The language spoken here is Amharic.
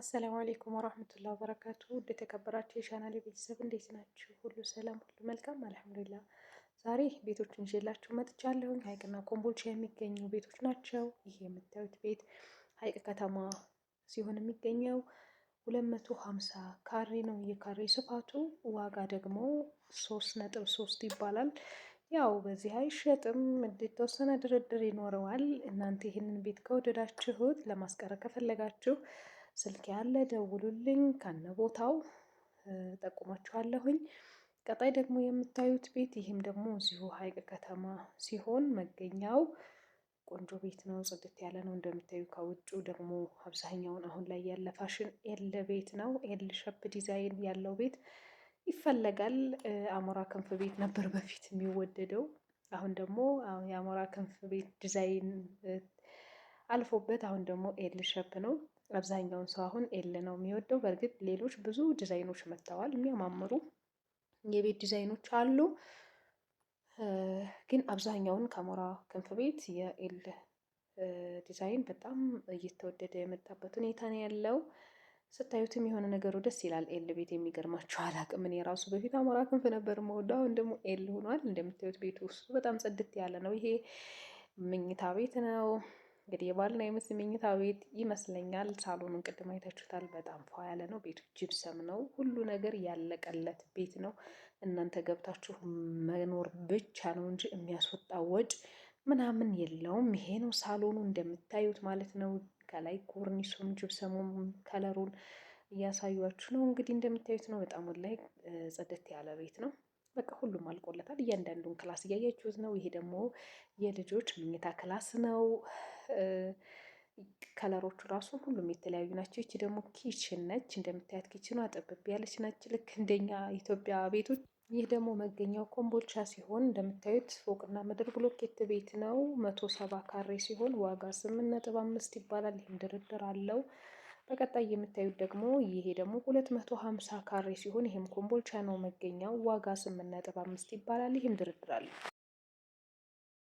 አሰላሙ አሌይኩም ወራህመቱላ ወበረካቱ ውድ የተከበራችሁ የቻናሌ ቤተሰብ እንዴት ናችሁ? ሁሉ ሰላም፣ ሁሉ መልካም አልሐምዱሊላ። ዛሬ ቤቶችን ይዤላችሁ መጥቻለሁኝ። ሀይቅና ኮምቦልቻ የሚገኙ ቤቶች ናቸው። ይህ የምታዩት ቤት ሀይቅ ከተማ ሲሆን የሚገኘው ሁለት መቶ ሀምሳ ካሬ ነው የካሬ ስፋቱ። ዋጋ ደግሞ ሶስት ነጥብ ሶስት ይባላል። ያው በዚህ አይሸጥም፣ የተወሰነ ድርድር ይኖረዋል። እናንተ ይህንን ቤት ከወደዳችሁት ለማስቀረት ከፈለጋችሁ ስልክ ያለ ደውሉልኝ ከነ ቦታው ጠቁማችኋለሁኝ። ቀጣይ ደግሞ የምታዩት ቤት ይህም ደግሞ እዚሁ ሀይቅ ከተማ ሲሆን መገኛው ቆንጆ ቤት ነው። ጽድት ያለ ነው እንደምታዩ። ከውጩ ደግሞ አብዛኛውን አሁን ላይ ያለ ፋሽን ኤል ቤት ነው። ኤል ሸፕ ዲዛይን ያለው ቤት ይፈለጋል። አሞራ ክንፍ ቤት ነበር በፊት የሚወደደው። አሁን ደግሞ የአሞራ ክንፍ ቤት ዲዛይን አልፎበት አሁን ደግሞ ኤል ሸፕ ነው። አብዛኛውን ሰው አሁን ኤል ነው የሚወደው። በእርግጥ ሌሎች ብዙ ዲዛይኖች መጥተዋል፣ የሚያማምሩ የቤት ዲዛይኖች አሉ። ግን አብዛኛውን ከሞራ ክንፍ ቤት የኤል ዲዛይን በጣም እየተወደደ የመጣበት ሁኔታ ነው ያለው። ስታዩትም የሆነ ነገሩ ደስ ይላል። ኤል ቤት የሚገርማቸው አላቅም። እኔ ራሱ በፊት አሞራ ክንፍ ነበር መወደው፣ አሁን ደግሞ ኤል ሆኗል። እንደምታዩት ቤቱ ውስጡ በጣም ጽድት ያለ ነው። ይሄ ምኝታ ቤት ነው። እንግዲህ የባልና የሚስት መኝታ ቤት ይመስለኛል። ሳሎኑን ቅድም አይታችሁታል። በጣም ፏ ያለ ነው። ቤቱ ጅብሰም ነው። ሁሉ ነገር ያለቀለት ቤት ነው። እናንተ ገብታችሁ መኖር ብቻ ነው እንጂ የሚያስወጣ ወጭ ምናምን የለውም። ይሄ ነው ሳሎኑ እንደምታዩት ማለት ነው። ከላይ ኮርኒሱም ጅብሰሙም ከለሩን እያሳዩችሁ ነው። እንግዲህ እንደምታዩት ነው። በጣም ወላሂ ጽድት ያለ ቤት ነው። በቃ ሁሉም አልቆለታል። እያንዳንዱን ክላስ እያያችሁት ነው። ይሄ ደግሞ የልጆች መኝታ ክላስ ነው። ከለሮቹ ራሱ ሁሉም የተለያዩ ናቸው። ይቺ ደግሞ ኪችን ነች። እንደምታያት ኪችኗ ጥብብ ያለች ነች፣ ልክ እንደኛ ኢትዮጵያ ቤቶች። ይህ ደግሞ መገኛው ኮምቦልቻ ሲሆን እንደምታዩት ፎቅና ምድር ብሎኬት ቤት ነው። መቶ ሰባ ካሬ ሲሆን ዋጋ ስምንት ነጥብ አምስት ይባላል። ይህም ድርድር አለው። በቀጣይ የምታዩት ደግሞ ይሄ ደግሞ 250 ካሬ ሲሆን ይህም ኮምቦልቻ ነው መገኛው። ዋጋ 8.5 ይባላል። ይህም ድርድር አለ።